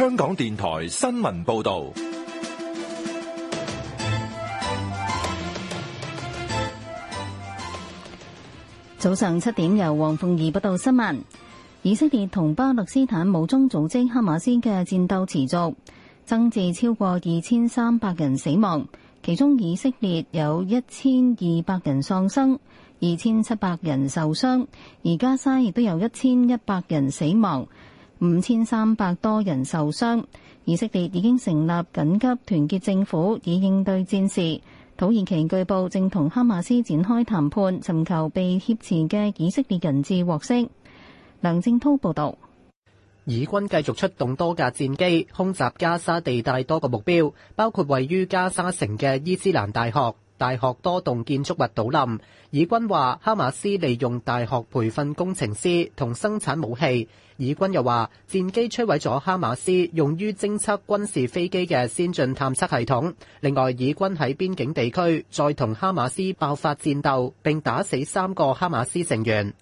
香港電台新聞報道：早上七點，由黃鳳儀報道新聞。以色列同巴勒斯坦武裝組織哈馬斯嘅戰鬥持續，增至超過二千三百人死亡，其中以色列有一千二百人喪生，二千七百人受傷，而加沙亦都有一千一百人死亡。五千三百多人受傷，以色列已經成立緊急團結政府，以應對戰事。土耳其據報正同哈馬斯展開談判，尋求被挾持嘅以色列人質獲釋。梁正濤報道，以軍繼續出動多架戰機，空襲加沙地帶多個目標，包括位於加沙城嘅伊斯蘭大學。大學多棟建築物倒冧，以軍話哈馬斯利用大學培訓工程師同生產武器。以軍又話戰機摧毀咗哈馬斯用於偵測軍事飛機嘅先進探測系統。另外，以軍喺邊境地區再同哈馬斯爆發戰鬥，並打死三個哈馬斯成員。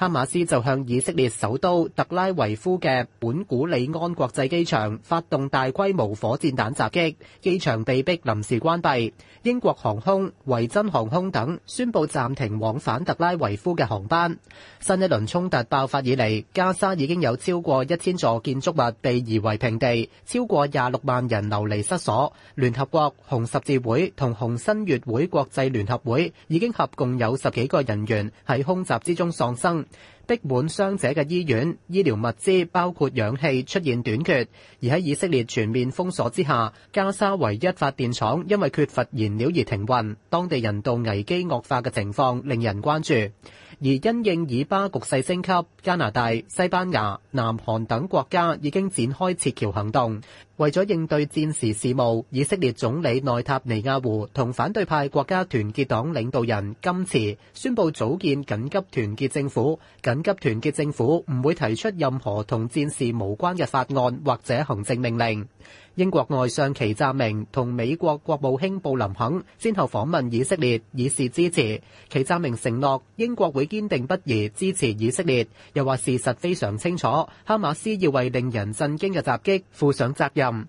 哈馬斯就向以色列首都特拉維夫嘅本古里安國際機場發動大規模火箭彈襲擊，機場被迫臨時關閉。英國航空、維珍航空等宣布暫停往返特拉維夫嘅航班。新一輪衝突爆發以嚟，加沙已經有超過一千座建築物被夷為平地，超過廿六萬人流離失所。聯合國、紅十字會同紅新月會國際聯合會已經合共有十幾個人員喺空襲之中喪生。逼滿傷者嘅醫院，醫療物資包括氧氣出現短缺，而喺以色列全面封鎖之下，加沙唯一發電廠因為缺乏燃料而停運，當地人道危機惡化嘅情況令人關注。.而因應以巴局勢升級，加拿大、西班牙、南韓等國家已經展開撤僑行動，為咗應對戰時事，事務，以色列總理內塔尼亞胡同反對派國家團結黨領導人金持宣佈組建緊急團結政府。緊急團結政府唔會提出任何同戰事無關嘅法案或者行政命令。英國外相祁湛明同美國國務卿布林肯先後訪問以色列，以示支持。祁湛明承諾英國會堅定不移支持以色列，又話事實非常清楚，哈馬斯要為令人震驚嘅襲擊負上責任。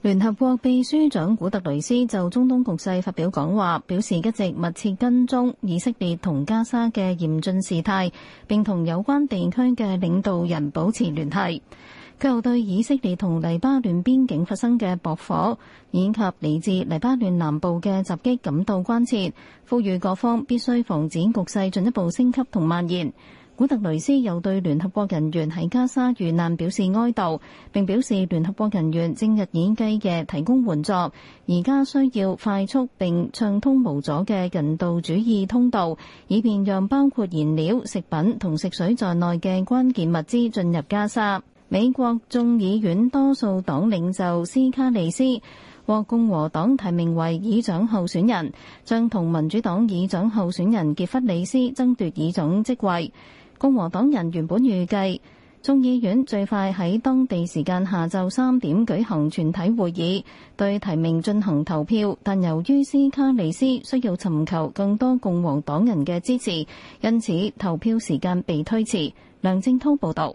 聯合國秘書長古特雷斯就中東局勢發表講話，表示一直密切跟蹤以色列同加沙嘅嚴峻事態，並同有關地區嘅領導人保持聯繫。佢又對以色列同黎巴嫩邊境發生嘅駁火，以及嚟自黎巴嫩南部嘅襲擊感到關切，呼籲各方必須防止局勢進一步升級同蔓延。古特雷斯又對聯合國人員喺加沙遇難表示哀悼，並表示聯合國人員正日以繼夜嘅提供援助，而家需要快速並暢通無阻嘅人道主義通道，以便讓包括燃料、食品同食水在內嘅關鍵物資進入加沙。美國眾議院多數黨領袖斯卡利斯獲共和黨提名為議長候選人，將同民主黨議長候選人傑弗里斯爭奪議長職位。共和黨人原本預計眾議院最快喺當地時間下晝三點舉行全體會議，對提名進行投票，但由於斯卡利斯需要尋求更多共和黨人嘅支持，因此投票時間被推遲，梁正濤報道。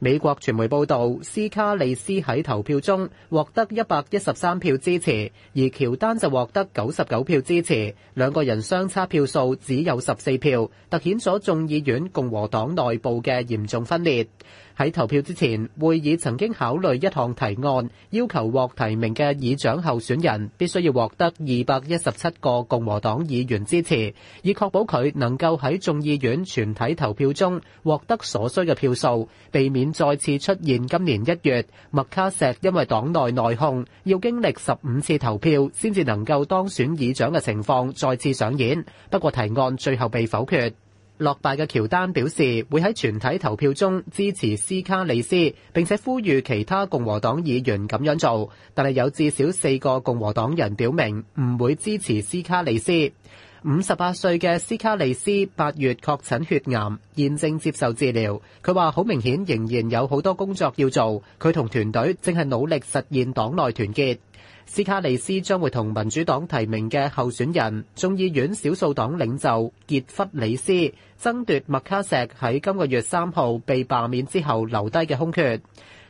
美國傳媒報導，斯卡利斯喺投票中獲得一百一十三票支持，而喬丹就獲得九十九票支持，兩個人相差票數只有十四票，突顯咗眾議院共和黨內部嘅嚴重分裂。喺投票之前，會議曾經考慮一項提案，要求獲提名嘅議長候選人必須要獲得二百一十七個共和黨議員支持，以確保佢能夠喺眾議院全體投票中獲得所需嘅票數，避免再次出現今年一月麥卡錫因為黨內內訌要經歷十五次投票先至能夠當選議長嘅情況再次上演。不過提案最後被否決。落敗嘅喬丹表示會喺全體投票中支持斯卡利斯，並且呼籲其他共和黨議員咁樣做。但係有至少四個共和黨人表明唔會支持斯卡利斯。五十八歲嘅斯卡利斯八月確診血癌，現正接受治療，佢話，好明顯，仍然有好多工作要做。佢同團隊正係努力實現黨內團結。斯卡利斯將會同民主黨提名嘅候選人、眾議院少數黨領袖傑弗里斯爭奪麥卡錫喺今個月三號被罷免之後留低嘅空缺。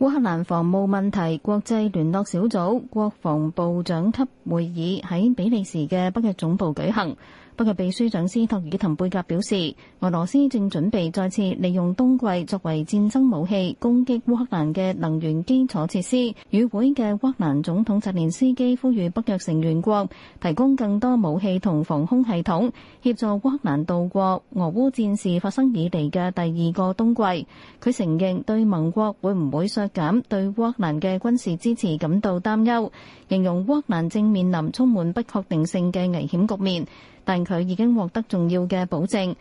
烏克蘭防務問題國際聯絡小組國防部長級會議喺比利時嘅北約總部舉行。北約秘書長斯托爾滕貝格表示，俄羅斯正準備再次利用冬季作為戰爭武器攻擊烏克蘭嘅能源基礎設施。與會嘅烏克蘭總統澤連斯基呼籲北約成員國提供更多武器同防空系統，協助烏克蘭度過俄烏戰事發生以嚟嘅第二個冬季。佢承認對盟國會唔會削減對烏克蘭嘅軍事支持感到擔憂，形容烏克蘭正面臨充滿不確定性嘅危險局面。但佢已經獲得重要嘅保證。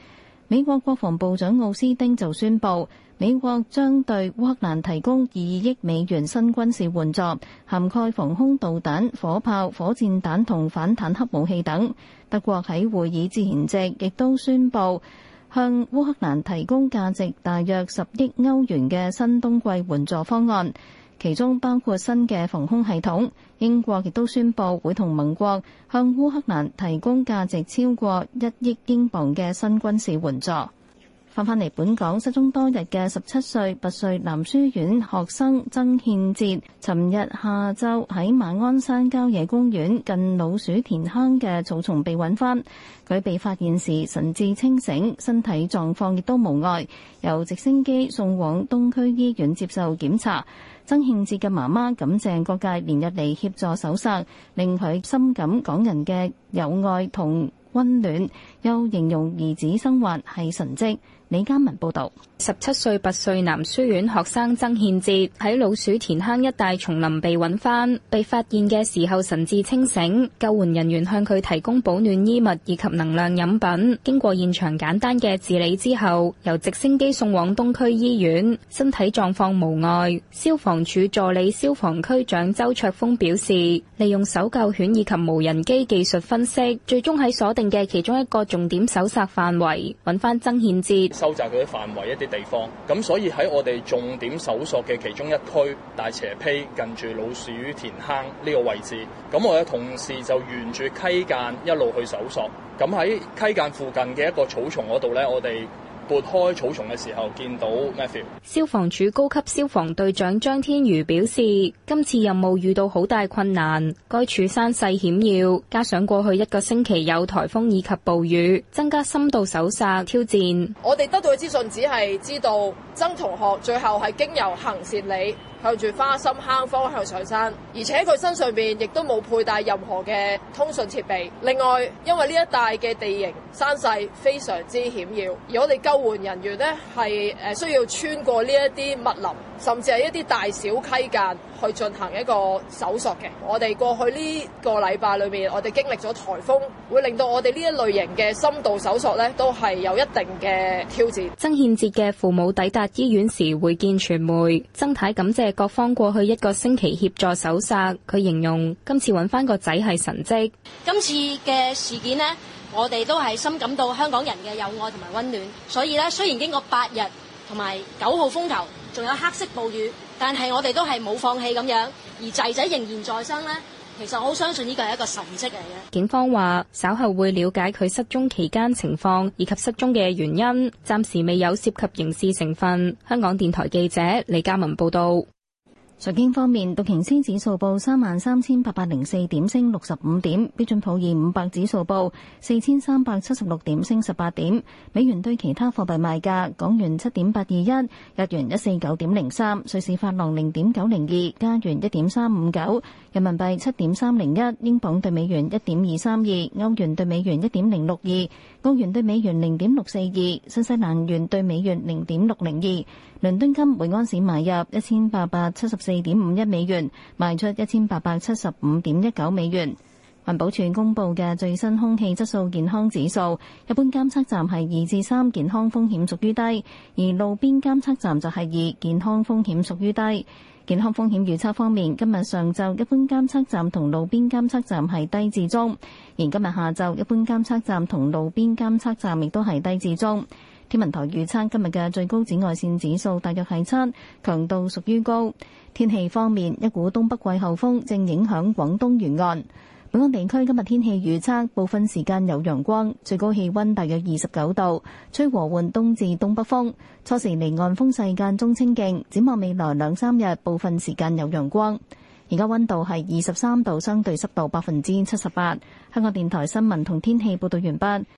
美國國防部長奧斯丁就宣布，美國將對烏克蘭提供二億美元新軍事援助，涵蓋防空導彈、火炮、火箭彈同反坦克武器等。德國喺會議之前夕亦都宣布，向烏克蘭提供價值大約十億歐元嘅新冬季援助方案。其中包括新嘅防空系統，英國亦都宣布會同盟國向烏克蘭提供價值超過一億英鎊嘅新軍事援助。翻返嚟本港失蹤多日嘅十七歲拔萃男書院學生曾憲哲，尋日下晝喺馬鞍山郊野公園近老鼠田坑嘅草叢被揾翻。佢被發現時神志清醒，身體狀況亦都無礙，由直升機送往東區醫院接受檢查。曾憲哲嘅媽媽感謝各界連日嚟協助搜殺，令佢深感港人嘅友愛同溫暖，又形容兒子生還係神蹟。李家文報道：十七歲拔萃男書院學生曾憲哲喺老鼠田坑一帶叢林被揾翻，被發現嘅時候神志清醒。救援人員向佢提供保暖衣物以及能量飲品。經過現場簡單嘅治理之後，由直升機送往東區醫院，身體狀況無礙。消防處助理消防區長周卓峰表示，利用搜救犬以及無人機技術分析，最終喺鎖定嘅其中一個重點搜索範圍揾翻曾憲哲。收窄佢啲範圍一啲地方，咁所以喺我哋重點搜索嘅其中一區，大斜坡近住老鼠田坑呢個位置，咁我嘅同事就沿住溪澗一路去搜索，咁喺溪澗附近嘅一個草叢嗰度咧，我哋。撥開草叢嘅時候見到 Matthew。消防處高級消防隊長張天如表示，今次任務遇到好大困難，該處山勢險要，加上過去一個星期有台風以及暴雨，增加深度搜尋挑戰。我哋得到嘅資訊只係知道曾同學最後係經由行善里，向住花心坑方向上山，而且佢身上邊亦都冇佩戴任何嘅通訊設備。另外，因為呢一帶嘅地形山勢非常之險要，而我哋救援人員咧，係誒需要穿過呢一啲密林，甚至係一啲大小溪澗去進行一個搜索嘅。我哋過去呢個禮拜裏邊，我哋經歷咗台風，會令到我哋呢一類型嘅深度搜索咧，都係有一定嘅挑戰。曾憲哲嘅父母抵達醫院時會見傳媒，曾太感謝。各方過去一個星期協助搜殺，佢形容今次揾翻個仔係神蹟。今次嘅事件呢，我哋都係深感到香港人嘅友愛同埋溫暖。所以呢，雖然經過八日同埋九號風球，仲有黑色暴雨，但係我哋都係冇放棄咁樣，而仔仔仍然在生呢，其實我好相信呢個係一個神蹟嚟嘅。警方話稍後會了解佢失蹤期間情況以及失蹤嘅原因，暫時未有涉及刑事成分。香港電台記者李嘉文報道。財經方面，道瓊斯指數報三萬三千八百零四點，升六十五點；標準普爾五百指數報四千三百七十六點，升十八點。美元對其他貨幣賣價：港元七點八二一，日元一四九點零三，瑞士法郎零點九零二，加元一點三五九，人民幣七點三零一，英鎊對美元一點二三二，歐元對美元一點零六二，澳元對美元零點六四二，新西蘭元對美元零點六零二。倫敦金每安士買入一千八百七十四點五一美元，賣出一千八百七十五點一九美元。環保署公布嘅最新空氣質素健康指數，一般監測站係二至三，健康風險屬於低；而路邊監測站就係二，健康風險屬於低。健康風險預測方面，今日上晝一般監測站同路邊監測站係低至中，而今日下晝一般監測站同路邊監測站亦都係低至中。天文台預測今日嘅最高紫外線指數大約係七，強度屬於高。天氣方面，一股東北季候風正影響廣東沿岸。本港地區今日天氣預測部分時間有陽光，最高氣温大約二十九度，吹和緩東至東北風。初時離岸風勢間中清勁。展望未來兩三日，部分時間有陽光。而家温度係二十三度，相對濕度百分之七十八。香港電台新聞同天氣報道完畢。